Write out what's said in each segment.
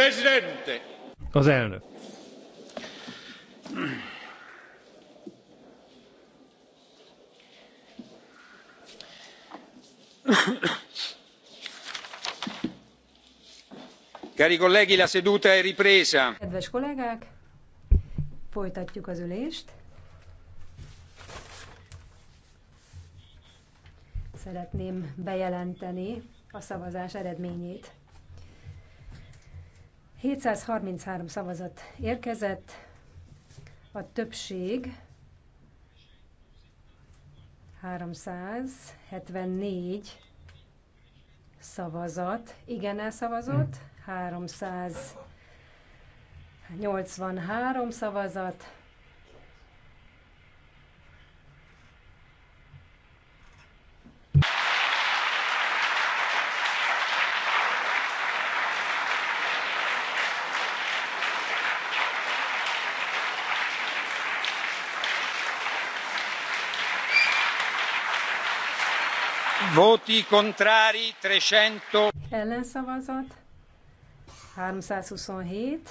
Presidente. Az elnök. Cari colleghi, la seduta è ripresa. Kedves kollégák, folytatjuk az ülést. Szeretném bejelenteni a szavazás eredményét. 733 szavazat érkezett, a többség 374 szavazat, igen szavazott, 383 szavazat, voti contrari 300. Ellenszavazat 327.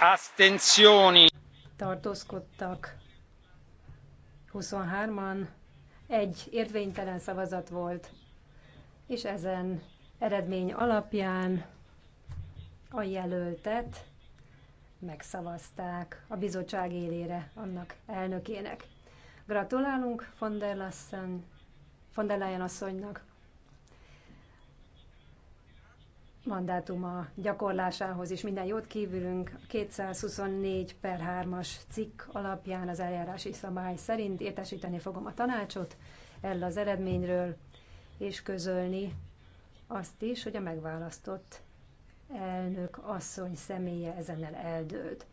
Astenzioni. Tartózkodtak 23-an. Egy érvénytelen szavazat volt, és ezen eredmény alapján a jelöltet megszavazták a bizottság élére annak elnökének. Gratulálunk von der, Lassen, von der Leyen asszonynak mandátuma gyakorlásához is minden jót kívülünk. 224 per 3-as cikk alapján az eljárási szabály szerint értesíteni fogom a tanácsot erről az eredményről, és közölni azt is, hogy a megválasztott elnök asszony személye ezennel eldőlt.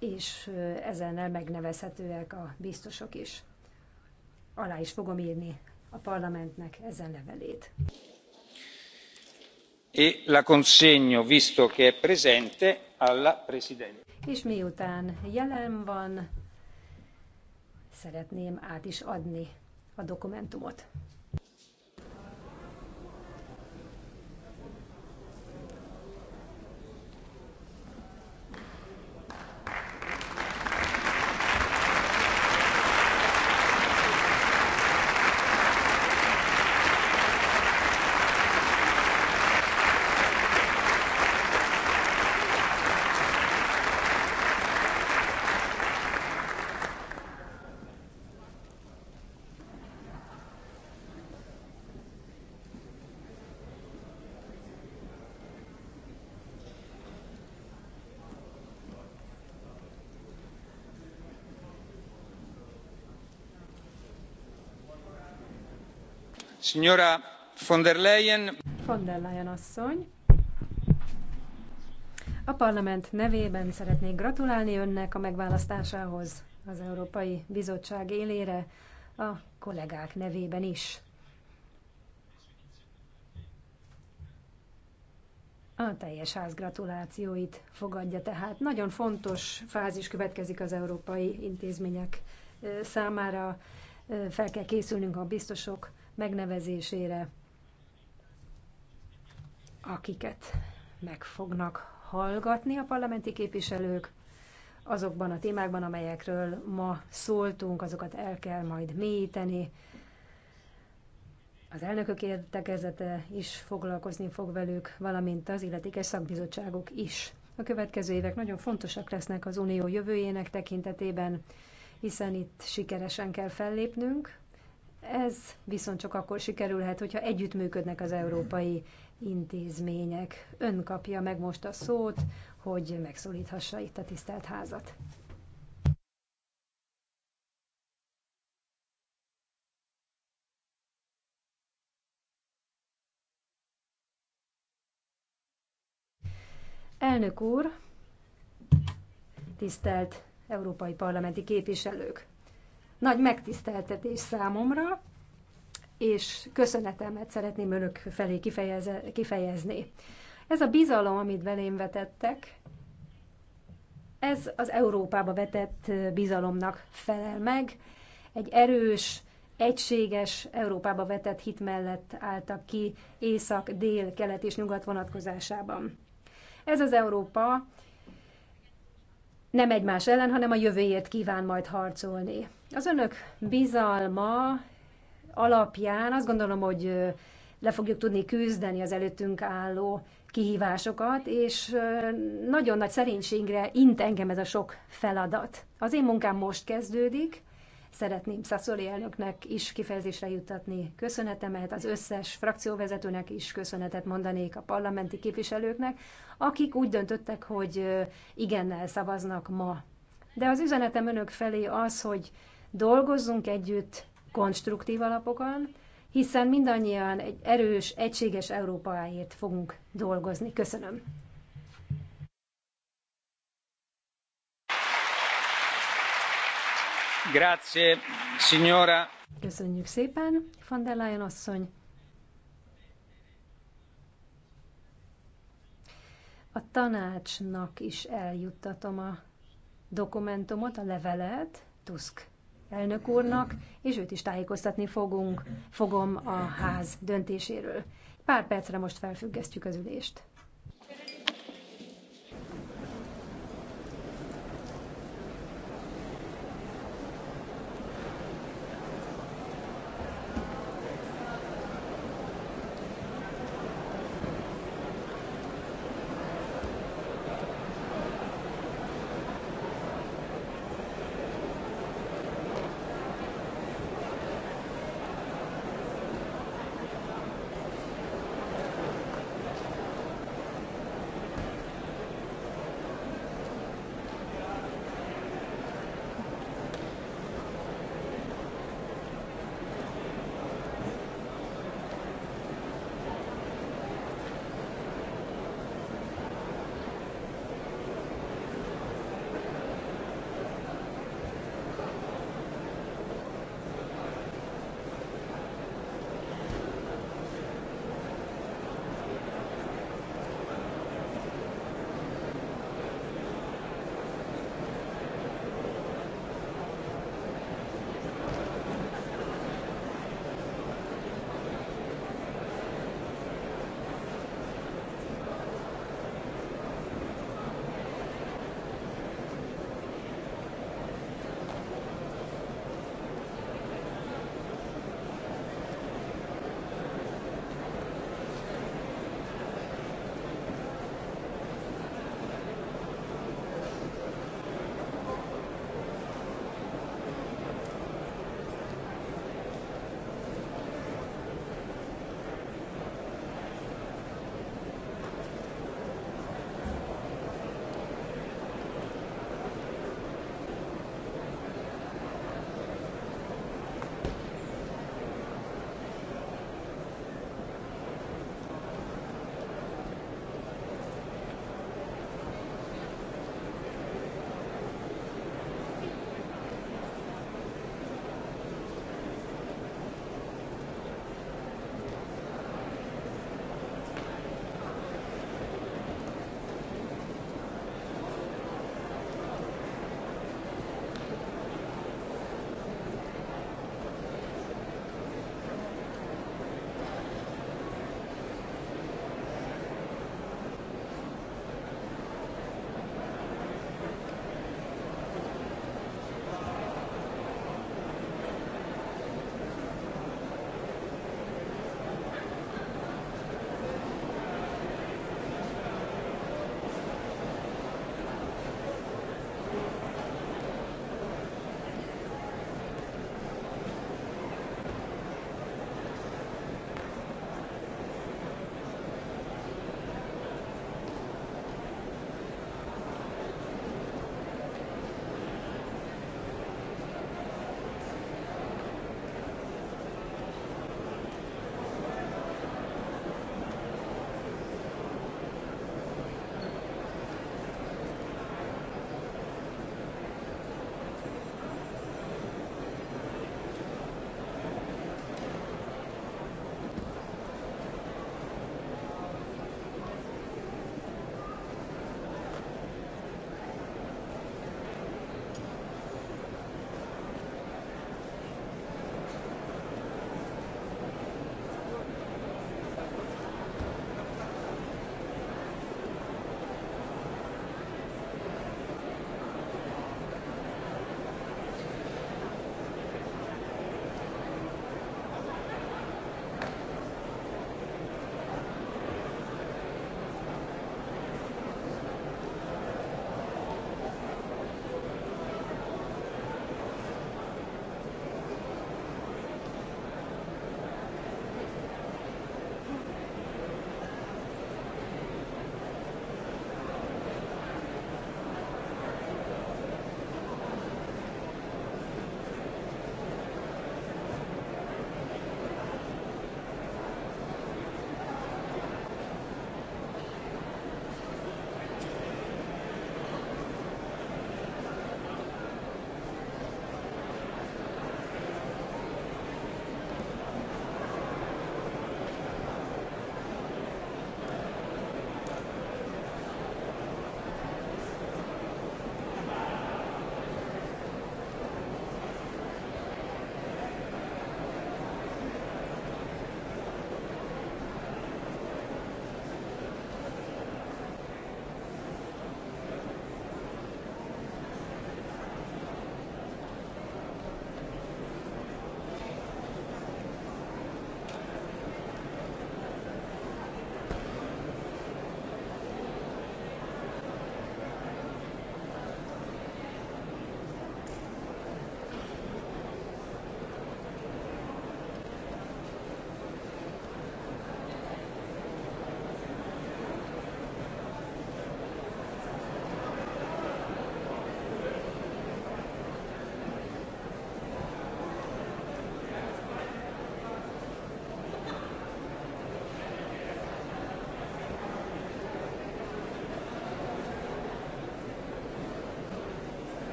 és ezennel megnevezhetőek a biztosok is. Alá is fogom írni a parlamentnek ezen levelét. E la consegno, visto che è presente, alla Presidente. És miután jelen van, szeretném át is adni a dokumentumot. Von der Leyen asszony. A parlament nevében szeretnék gratulálni önnek a megválasztásához az Európai Bizottság élére, a kollégák nevében is. A teljes ház gratulációit fogadja tehát. Nagyon fontos fázis következik az európai intézmények számára. Fel kell készülnünk a biztosok megnevezésére, akiket meg fognak hallgatni a parlamenti képviselők. Azokban a témákban, amelyekről ma szóltunk, azokat el kell majd mélyíteni. Az elnökök értekezete is foglalkozni fog velük, valamint az illetékes szakbizottságok is. A következő évek nagyon fontosak lesznek az unió jövőjének tekintetében, hiszen itt sikeresen kell fellépnünk, ez viszont csak akkor sikerülhet, hogyha együttműködnek az európai intézmények. Ön kapja meg most a szót, hogy megszólíthassa itt a tisztelt házat. Elnök úr, tisztelt európai parlamenti képviselők! Nagy megtiszteltetés számomra, és köszönetemet szeretném önök felé kifejeze, kifejezni. Ez a bizalom, amit velém vetettek, ez az Európába vetett bizalomnak felel meg. Egy erős, egységes Európába vetett hit mellett álltak ki észak, dél, kelet és nyugat vonatkozásában. Ez az Európa nem egymás ellen, hanem a jövőért kíván majd harcolni. Az önök bizalma alapján azt gondolom, hogy le fogjuk tudni küzdeni az előttünk álló kihívásokat, és nagyon nagy szerénységre int engem ez a sok feladat. Az én munkám most kezdődik, szeretném Szaszoli elnöknek is kifejezésre juttatni köszönetemet, az összes frakcióvezetőnek is köszönetet mondanék a parlamenti képviselőknek, akik úgy döntöttek, hogy igennel szavaznak ma. De az üzenetem önök felé az, hogy dolgozzunk együtt konstruktív alapokon, hiszen mindannyian egy erős, egységes Európáért fogunk dolgozni. Köszönöm. Grazie, signora. Köszönjük szépen, van der Leyen asszony. A tanácsnak is eljuttatom a dokumentumot, a levelet, Tusk elnök úrnak, és őt is tájékoztatni fogunk, fogom a ház döntéséről. Pár percre most felfüggesztjük az ülést.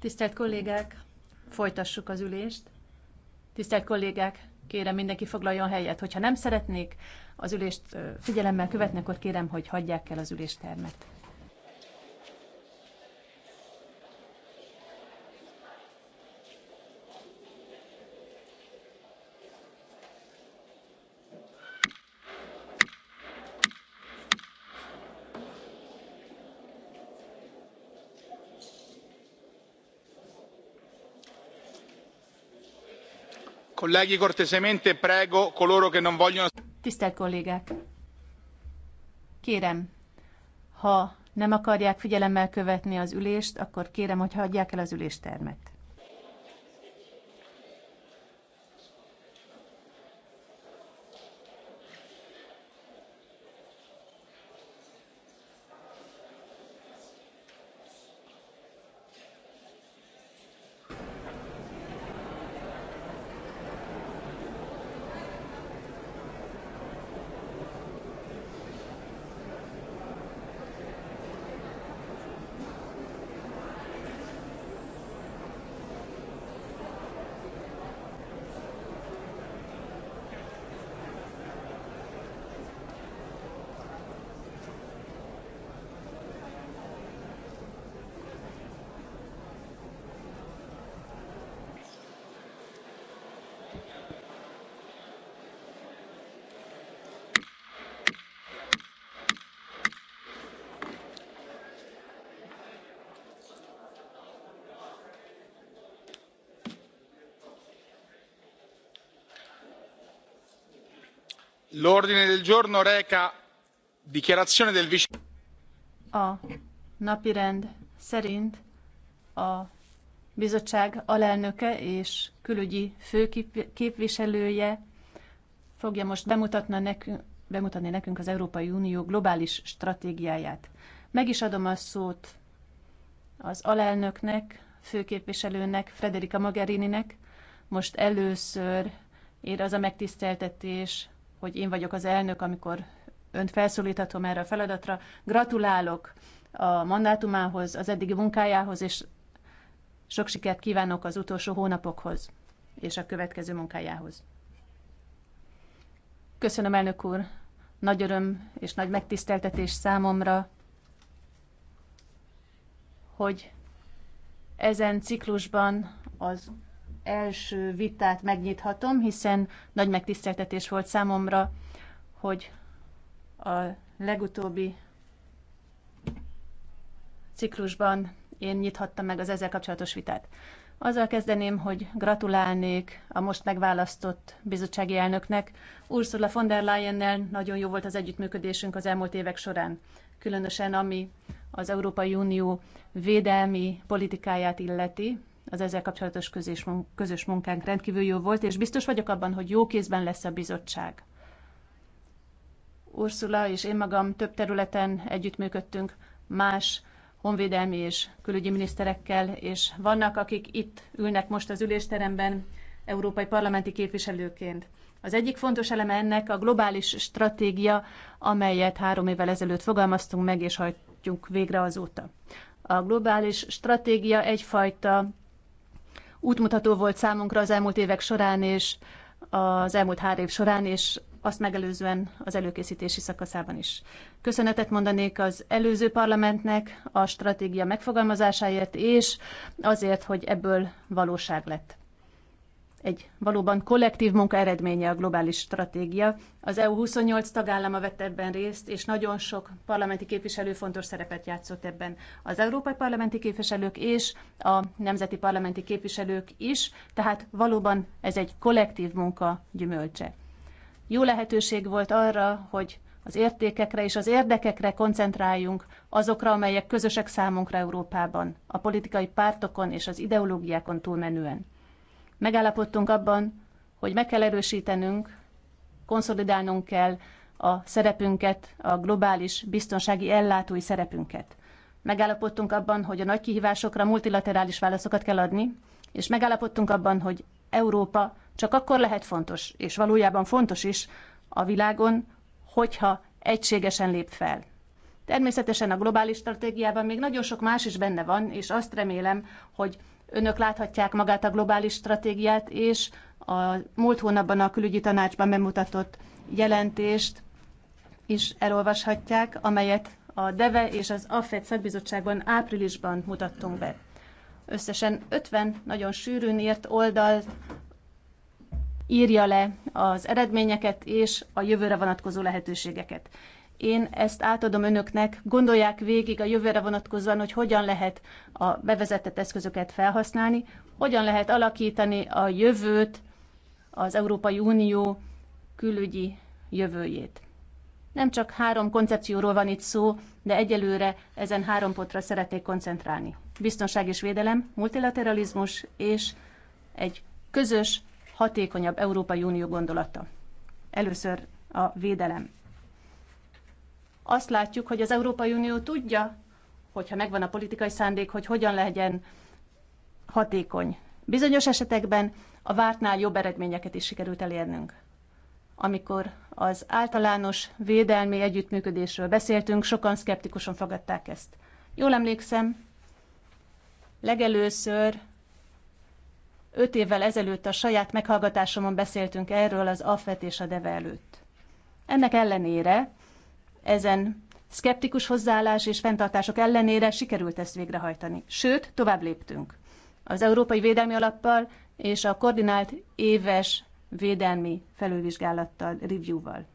Tisztelt kollégák, folytassuk az ülést. Tisztelt kollégák, kérem mindenki foglaljon helyet. Hogyha nem szeretnék az ülést figyelemmel követni, akkor kérem, hogy hagyják el az üléstermet. Colleghi, cortesemente prego coloro che non vogliono... Tisztelt kollégák! Kérem, ha nem akarják figyelemmel követni az ülést, akkor kérem, hogy hagyják el az üléstermet. l'ordine del giorno reca dichiarazione del vice. a napirend szerint a bizottság alelnöke és külügyi főképviselője fogja most bemutatni nekünk, bemutatni nekünk az Európai Unió globális stratégiáját. Meg is adom a szót az alelnöknek, főképviselőnek, Frederica Mogherininek. Most először ér az a megtiszteltetés, hogy én vagyok az elnök, amikor önt felszólíthatom erre a feladatra. Gratulálok a mandátumához, az eddigi munkájához, és sok sikert kívánok az utolsó hónapokhoz és a következő munkájához. Köszönöm, elnök úr! Nagy öröm és nagy megtiszteltetés számomra, hogy ezen ciklusban az első vitát megnyithatom, hiszen nagy megtiszteltetés volt számomra, hogy a legutóbbi ciklusban én nyithattam meg az ezzel kapcsolatos vitát. Azzal kezdeném, hogy gratulálnék a most megválasztott bizottsági elnöknek. Ursula von der Leyennel nagyon jó volt az együttműködésünk az elmúlt évek során, különösen ami az Európai Unió védelmi politikáját illeti, az ezzel kapcsolatos közös, közös munkánk rendkívül jó volt, és biztos vagyok abban, hogy jó kézben lesz a bizottság. Ursula és én magam több területen együttműködtünk más honvédelmi és külügyi miniszterekkel, és vannak, akik itt ülnek most az ülésteremben európai parlamenti képviselőként. Az egyik fontos eleme ennek a globális stratégia, amelyet három évvel ezelőtt fogalmaztunk meg és hajtjuk végre azóta. A globális stratégia egyfajta útmutató volt számunkra az elmúlt évek során és az elmúlt három év során, és azt megelőzően az előkészítési szakaszában is. Köszönetet mondanék az előző parlamentnek a stratégia megfogalmazásáért, és azért, hogy ebből valóság lett egy valóban kollektív munka eredménye a globális stratégia. Az EU 28 tagállama vett ebben részt, és nagyon sok parlamenti képviselő fontos szerepet játszott ebben. Az európai parlamenti képviselők és a nemzeti parlamenti képviselők is, tehát valóban ez egy kollektív munka gyümölcse. Jó lehetőség volt arra, hogy az értékekre és az érdekekre koncentráljunk, azokra, amelyek közösek számunkra Európában, a politikai pártokon és az ideológiákon túlmenően. Megállapodtunk abban, hogy meg kell erősítenünk, konszolidálnunk kell a szerepünket, a globális biztonsági ellátói szerepünket. Megállapodtunk abban, hogy a nagy kihívásokra multilaterális válaszokat kell adni, és megállapodtunk abban, hogy Európa csak akkor lehet fontos, és valójában fontos is a világon, hogyha egységesen lép fel. Természetesen a globális stratégiában még nagyon sok más is benne van, és azt remélem, hogy Önök láthatják magát a globális stratégiát, és a múlt hónapban a külügyi tanácsban bemutatott jelentést is elolvashatják, amelyet a DEVE és az AFED szakbizottságban áprilisban mutattunk be. Összesen 50 nagyon sűrűn írt oldal írja le az eredményeket és a jövőre vonatkozó lehetőségeket. Én ezt átadom önöknek, gondolják végig a jövőre vonatkozóan, hogy hogyan lehet a bevezetett eszközöket felhasználni, hogyan lehet alakítani a jövőt, az Európai Unió külügyi jövőjét. Nem csak három koncepcióról van itt szó, de egyelőre ezen három pontra szeretnék koncentrálni. Biztonság és védelem, multilateralizmus és egy közös, hatékonyabb Európai Unió gondolata. Először a védelem azt látjuk, hogy az Európai Unió tudja, hogyha megvan a politikai szándék, hogy hogyan legyen hatékony. Bizonyos esetekben a vártnál jobb eredményeket is sikerült elérnünk. Amikor az általános védelmi együttműködésről beszéltünk, sokan szkeptikusan fogadták ezt. Jól emlékszem, legelőször öt évvel ezelőtt a saját meghallgatásomon beszéltünk erről az AFET és a DEVE előtt. Ennek ellenére ezen szkeptikus hozzáállás és fenntartások ellenére sikerült ezt végrehajtani. Sőt, tovább léptünk. Az Európai Védelmi Alappal és a koordinált éves védelmi felülvizsgálattal, review-val.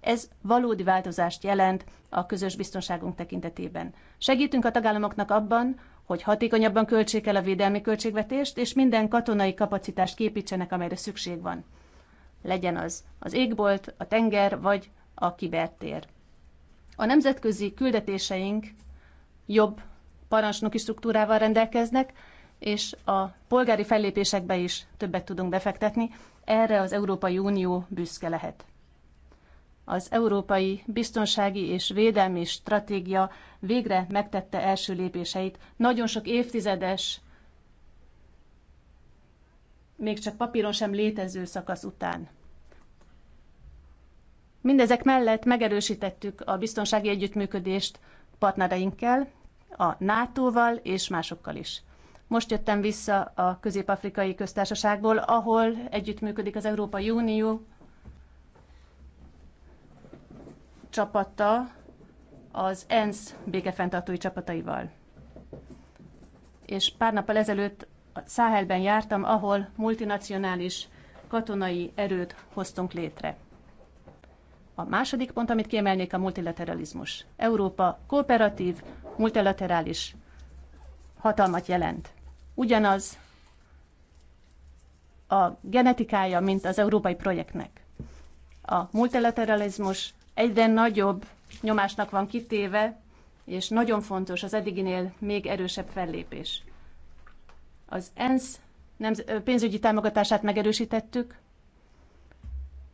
Ez valódi változást jelent a közös biztonságunk tekintetében. Segítünk a tagállamoknak abban, hogy hatékonyabban költsék el a védelmi költségvetést, és minden katonai kapacitást képítsenek, amelyre szükség van. Legyen az az égbolt, a tenger vagy a kibertér. A nemzetközi küldetéseink jobb parancsnoki struktúrával rendelkeznek, és a polgári fellépésekbe is többet tudunk befektetni. Erre az Európai Unió büszke lehet. Az Európai Biztonsági és Védelmi Stratégia végre megtette első lépéseit. Nagyon sok évtizedes, még csak papíron sem létező szakasz után. Mindezek mellett megerősítettük a biztonsági együttműködést partnereinkkel, a NATO-val és másokkal is. Most jöttem vissza a Közép-Afrikai Köztársaságból, ahol együttműködik az Európai Unió csapata az ENSZ békefenntartói csapataival. És pár nappal ezelőtt a Száhelben jártam, ahol multinacionális katonai erőt hoztunk létre. A második pont, amit kiemelnék, a multilateralizmus. Európa kooperatív, multilaterális hatalmat jelent. Ugyanaz a genetikája, mint az európai projektnek. A multilateralizmus egyre nagyobb nyomásnak van kitéve, és nagyon fontos az eddiginél még erősebb fellépés. Az ENSZ pénzügyi támogatását megerősítettük,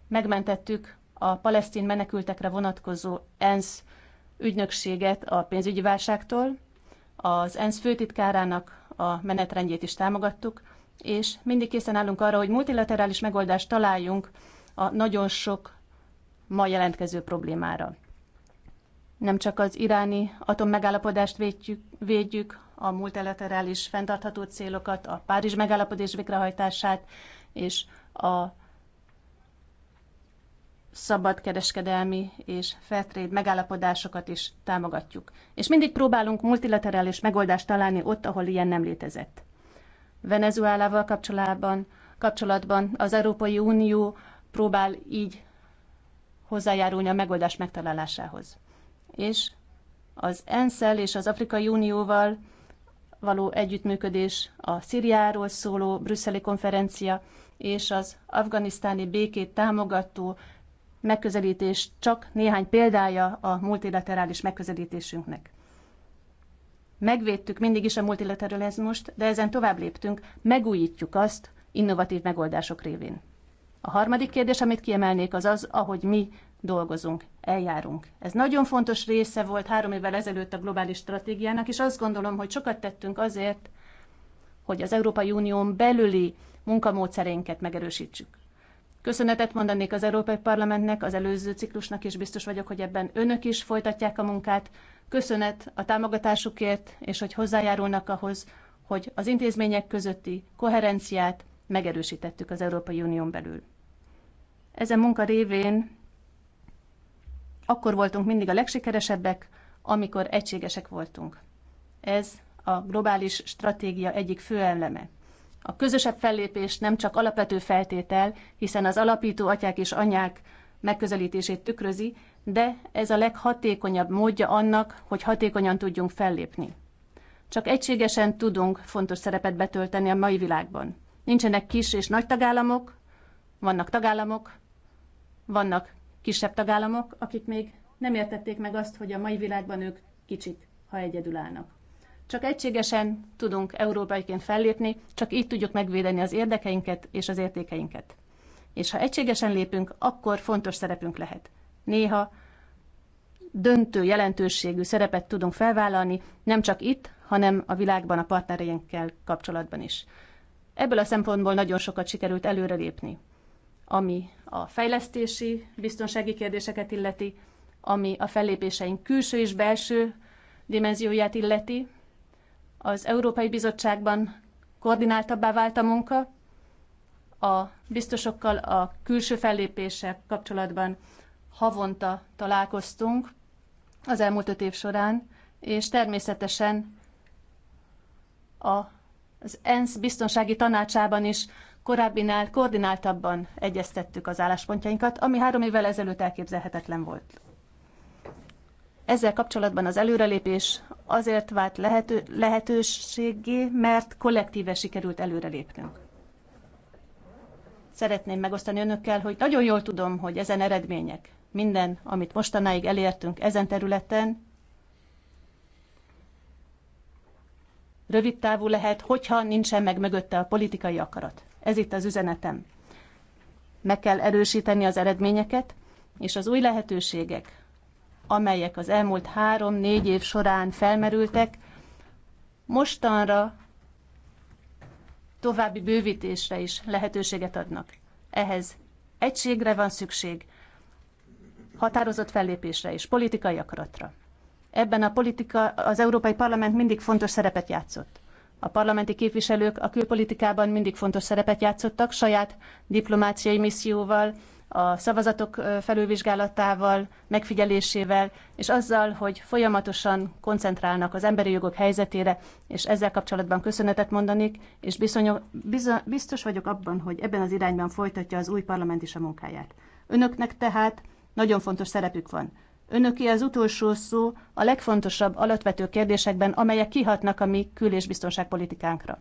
megmentettük a palesztin menekültekre vonatkozó ENSZ ügynökséget a pénzügyi válságtól, az ENSZ főtitkárának a menetrendjét is támogattuk, és mindig készen állunk arra, hogy multilaterális megoldást találjunk a nagyon sok ma jelentkező problémára. Nem csak az iráni atommegállapodást védjük, védjük a multilaterális fenntartható célokat, a Párizs megállapodás végrehajtását és a szabadkereskedelmi és fairtrade megállapodásokat is támogatjuk. És mindig próbálunk multilaterális megoldást találni ott, ahol ilyen nem létezett. Venezuelával kapcsolatban, kapcsolatban az Európai Unió próbál így hozzájárulni a megoldás megtalálásához. És az ensz és az Afrikai Unióval való együttműködés, a Szíriáról szóló brüsszeli konferencia és az afganisztáni békét támogató megközelítés csak néhány példája a multilaterális megközelítésünknek. Megvédtük mindig is a multilateralizmust, de ezen tovább léptünk, megújítjuk azt innovatív megoldások révén. A harmadik kérdés, amit kiemelnék, az az, ahogy mi dolgozunk, eljárunk. Ez nagyon fontos része volt három évvel ezelőtt a globális stratégiának, és azt gondolom, hogy sokat tettünk azért, hogy az Európai Unión belüli munkamódszerénket megerősítsük. Köszönetet mondanék az Európai Parlamentnek, az előző ciklusnak, és biztos vagyok, hogy ebben önök is folytatják a munkát. Köszönet a támogatásukért, és hogy hozzájárulnak ahhoz, hogy az intézmények közötti koherenciát megerősítettük az Európai Unión belül. Ezen munka révén akkor voltunk mindig a legsikeresebbek, amikor egységesek voltunk. Ez a globális stratégia egyik fő eleme. A közösebb fellépés nem csak alapvető feltétel, hiszen az alapító atyák és anyák megközelítését tükrözi, de ez a leghatékonyabb módja annak, hogy hatékonyan tudjunk fellépni. Csak egységesen tudunk fontos szerepet betölteni a mai világban. Nincsenek kis és nagy tagállamok, vannak tagállamok, vannak kisebb tagállamok, akik még nem értették meg azt, hogy a mai világban ők kicsik, ha egyedül állnak. Csak egységesen tudunk európaiként fellépni, csak így tudjuk megvédeni az érdekeinket és az értékeinket. És ha egységesen lépünk, akkor fontos szerepünk lehet. Néha döntő jelentőségű szerepet tudunk felvállalni, nem csak itt, hanem a világban a partnereinkkel kapcsolatban is. Ebből a szempontból nagyon sokat sikerült előrelépni, ami a fejlesztési biztonsági kérdéseket illeti, ami a fellépéseink külső és belső dimenzióját illeti, az Európai Bizottságban koordináltabbá vált a munka, a biztosokkal a külső fellépések kapcsolatban havonta találkoztunk az elmúlt öt év során, és természetesen az ENSZ biztonsági tanácsában is korábbinál koordináltabban egyeztettük az álláspontjainkat, ami három évvel ezelőtt elképzelhetetlen volt. Ezzel kapcsolatban az előrelépés azért vált lehető, lehetőségé, mert kollektíve sikerült előrelépnünk. Szeretném megosztani önökkel, hogy nagyon jól tudom, hogy ezen eredmények, minden, amit mostanáig elértünk ezen területen, rövid távú lehet, hogyha nincsen meg mögötte a politikai akarat. Ez itt az üzenetem. Meg kell erősíteni az eredményeket, és az új lehetőségek, amelyek az elmúlt három-négy év során felmerültek, mostanra további bővítésre is lehetőséget adnak. Ehhez egységre van szükség, határozott fellépésre és politikai akaratra. Ebben a politika, az Európai Parlament mindig fontos szerepet játszott. A parlamenti képviselők a külpolitikában mindig fontos szerepet játszottak saját diplomáciai misszióval, a szavazatok felülvizsgálatával, megfigyelésével, és azzal, hogy folyamatosan koncentrálnak az emberi jogok helyzetére, és ezzel kapcsolatban köszönetet mondanék, és bizonyos, biztos vagyok abban, hogy ebben az irányban folytatja az új parlament is a munkáját. Önöknek tehát nagyon fontos szerepük van. Önöki az utolsó szó a legfontosabb alapvető kérdésekben, amelyek kihatnak a mi kül- és biztonságpolitikánkra.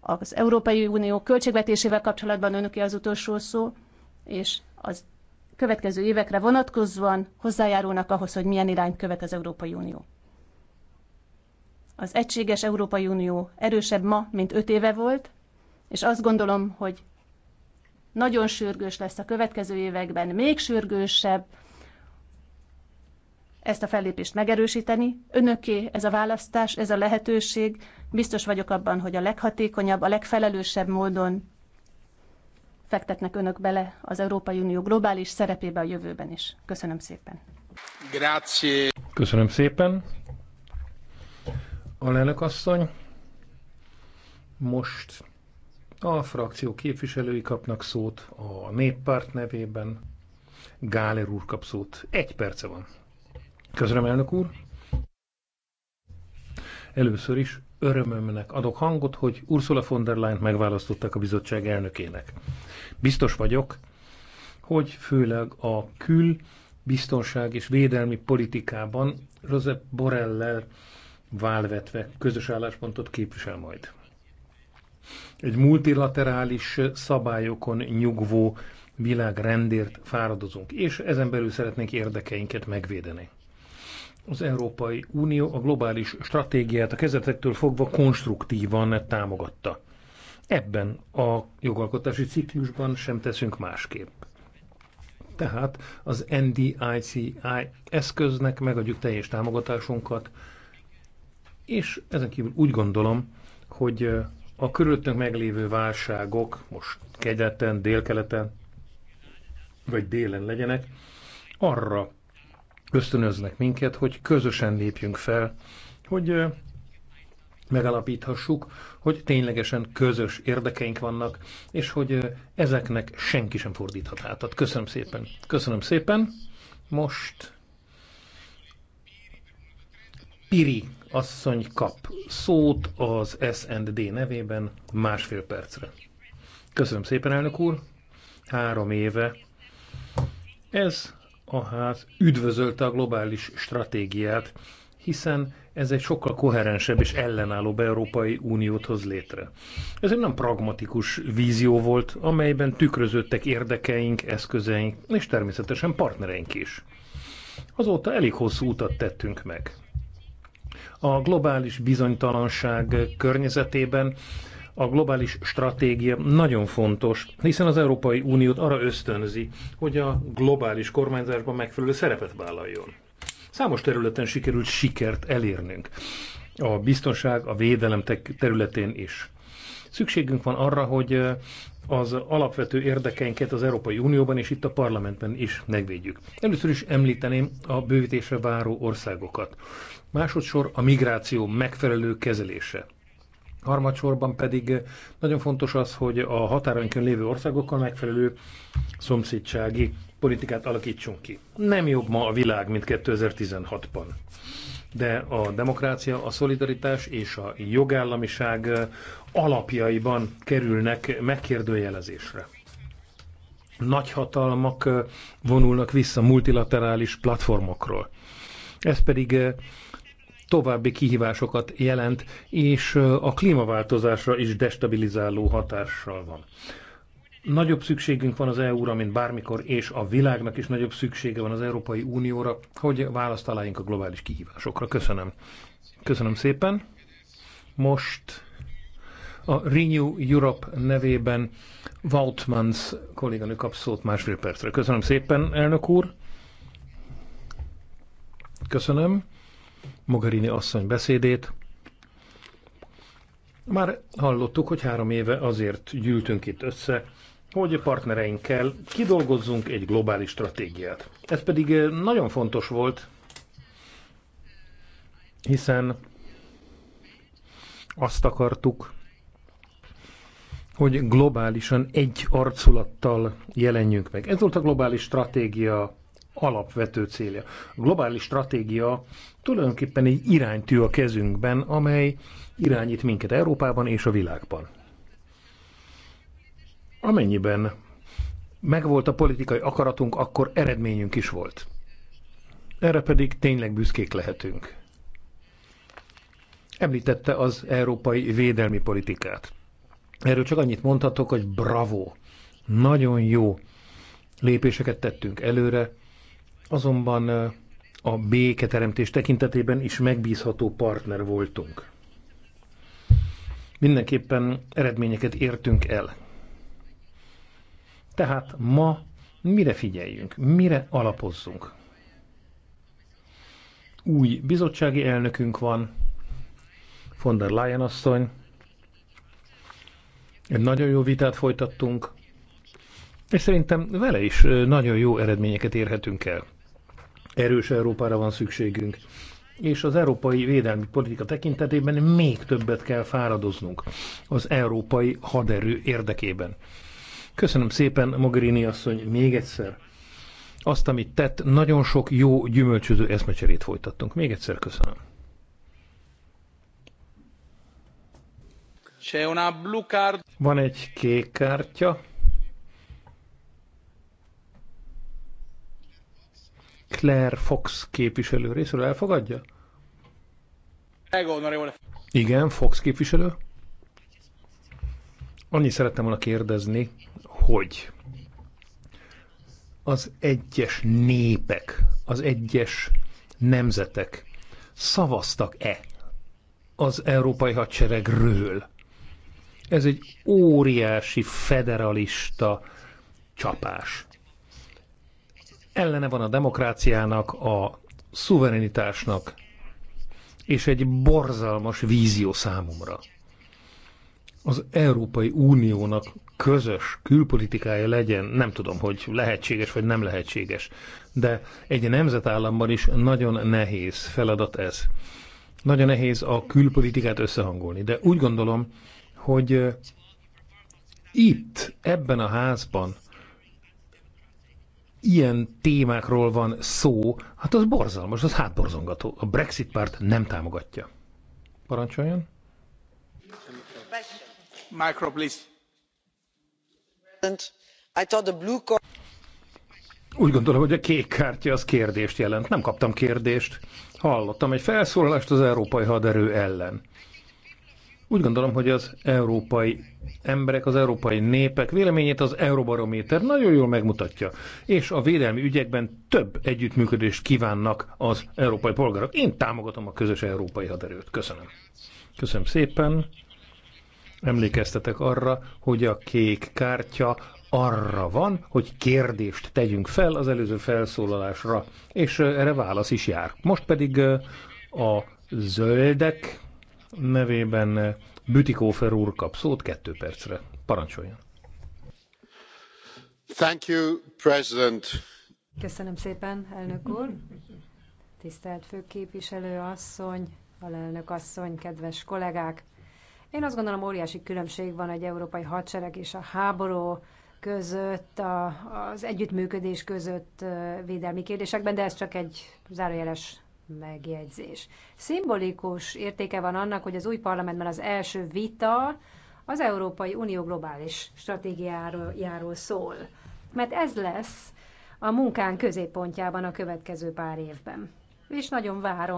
Az Európai Unió költségvetésével kapcsolatban önöki az utolsó szó, és az következő évekre vonatkozóan hozzájárulnak ahhoz, hogy milyen irányt követ az Európai Unió. Az egységes Európai Unió erősebb ma, mint öt éve volt, és azt gondolom, hogy nagyon sürgős lesz a következő években, még sürgősebb ezt a fellépést megerősíteni. Önöké ez a választás, ez a lehetőség. Biztos vagyok abban, hogy a leghatékonyabb, a legfelelősebb módon fektetnek önök bele az Európai Unió globális szerepébe a jövőben is. Köszönöm szépen. Grazie. Köszönöm szépen. Alelnök asszony, most a frakció képviselői kapnak szót a néppárt nevében. Gáler úr kap szót. Egy perce van. Köszönöm, elnök úr. Először is örömömnek adok hangot, hogy Ursula von der Leyen megválasztottak a bizottság elnökének. Biztos vagyok, hogy főleg a kül, biztonság és védelmi politikában Josep Borrell-lel válvetve közös álláspontot képvisel majd. Egy multilaterális szabályokon nyugvó világrendért fáradozunk, és ezen belül szeretnénk érdekeinket megvédeni az Európai Unió a globális stratégiát a kezdetektől fogva konstruktívan támogatta. Ebben a jogalkotási ciklusban sem teszünk másképp. Tehát az NDICI eszköznek megadjuk teljes támogatásunkat, és ezen kívül úgy gondolom, hogy a körülöttünk meglévő válságok, most kegyeten, délkeleten, vagy délen legyenek, arra ösztönöznek minket, hogy közösen lépjünk fel, hogy megalapíthassuk, hogy ténylegesen közös érdekeink vannak, és hogy ezeknek senki sem fordíthat át. Köszönöm szépen. Köszönöm szépen. Most Piri asszony kap szót az SND nevében másfél percre. Köszönöm szépen, elnök úr. Három éve. Ez a ház üdvözölte a globális stratégiát, hiszen ez egy sokkal koherensebb és ellenállóbb Európai Uniót hoz létre. Ez egy nem pragmatikus vízió volt, amelyben tükröződtek érdekeink, eszközeink, és természetesen partnereink is. Azóta elég hosszú utat tettünk meg. A globális bizonytalanság környezetében a globális stratégia nagyon fontos, hiszen az Európai Uniót arra ösztönzi, hogy a globális kormányzásban megfelelő szerepet vállaljon. Számos területen sikerült sikert elérnünk. A biztonság, a védelem területén is. Szükségünk van arra, hogy az alapvető érdekeinket az Európai Unióban és itt a parlamentben is megvédjük. Először is említeném a bővítésre váró országokat. Másodszor a migráció megfelelő kezelése. Harmadsorban pedig eh, nagyon fontos az, hogy a határainkon lévő országokkal megfelelő szomszédsági politikát alakítsunk ki. Nem jobb ma a világ, mint 2016-ban. De a demokrácia, a szolidaritás és a jogállamiság eh, alapjaiban kerülnek megkérdőjelezésre. Nagyhatalmak eh, vonulnak vissza multilaterális platformokról. Ez pedig további kihívásokat jelent, és a klímaváltozásra is destabilizáló hatással van. Nagyobb szükségünk van az EU-ra, mint bármikor, és a világnak is nagyobb szüksége van az Európai Unióra, hogy választ találjunk a globális kihívásokra. Köszönöm. Köszönöm szépen. Most a Renew Europe nevében Waltmans kolléganő kap szót másfél percre. Köszönöm szépen, elnök úr. Köszönöm. Mogherini asszony beszédét. Már hallottuk, hogy három éve azért gyűltünk itt össze, hogy a partnereinkkel kidolgozzunk egy globális stratégiát. Ez pedig nagyon fontos volt, hiszen azt akartuk, hogy globálisan egy arculattal jelenjünk meg. Ez volt a globális stratégia alapvető célja. A globális stratégia tulajdonképpen egy iránytű a kezünkben, amely irányít minket Európában és a világban. Amennyiben megvolt a politikai akaratunk, akkor eredményünk is volt. Erre pedig tényleg büszkék lehetünk. Említette az európai védelmi politikát. Erről csak annyit mondhatok, hogy bravo, nagyon jó lépéseket tettünk előre, Azonban a béketeremtés tekintetében is megbízható partner voltunk. Mindenképpen eredményeket értünk el. Tehát ma mire figyeljünk, mire alapozzunk? Új bizottsági elnökünk van, von der Leyen asszony. Egy nagyon jó vitát folytattunk, és szerintem vele is nagyon jó eredményeket érhetünk el. Erős Európára van szükségünk. És az európai védelmi politika tekintetében még többet kell fáradoznunk az európai haderő érdekében. Köszönöm szépen, Mogherini asszony, még egyszer. Azt, amit tett, nagyon sok jó gyümölcsöző eszmecserét folytattunk. Még egyszer köszönöm. Van egy kék kártya. Claire Fox képviselő részről elfogadja? Igen, Fox képviselő. Annyi szerettem volna kérdezni, hogy az egyes népek, az egyes nemzetek szavaztak-e az európai hadseregről? Ez egy óriási federalista csapás ellene van a demokráciának, a szuverenitásnak, és egy borzalmas vízió számomra. Az Európai Uniónak közös külpolitikája legyen, nem tudom, hogy lehetséges vagy nem lehetséges, de egy nemzetállamban is nagyon nehéz feladat ez. Nagyon nehéz a külpolitikát összehangolni, de úgy gondolom, hogy eh, itt, ebben a házban ilyen témákról van szó, hát az borzalmas, az hátborzongató. A Brexit párt nem támogatja. Parancsoljon. Micro, please. Úgy gondolom, hogy a kék kártya az kérdést jelent. Nem kaptam kérdést. Hallottam egy felszólalást az európai haderő ellen. Úgy gondolom, hogy az európai emberek, az európai népek véleményét az Euróbarométer nagyon jól megmutatja, és a védelmi ügyekben több együttműködést kívánnak az európai polgárok. Én támogatom a közös európai haderőt. Köszönöm. Köszönöm szépen. Emlékeztetek arra, hogy a kék kártya arra van, hogy kérdést tegyünk fel az előző felszólalásra, és eh, erre válasz is jár. Most pedig eh, a zöldek nevében Bütikófer úr kap szót kettő percre. Parancsoljon. Thank you, President. Köszönöm szépen, elnök úr. Tisztelt főképviselő asszony, alelnök asszony, kedves kollégák! Én azt gondolom, óriási különbség van egy európai hadsereg és a háború között, a, az együttműködés között védelmi kérdésekben, de ez csak egy zárójeles megjegyzés. Szimbolikus értéke van annak, hogy az új parlamentben az első vita az Európai Unió globális stratégiáról szól, mert ez lesz a munkán középpontjában a következő pár évben. És nagyon várom,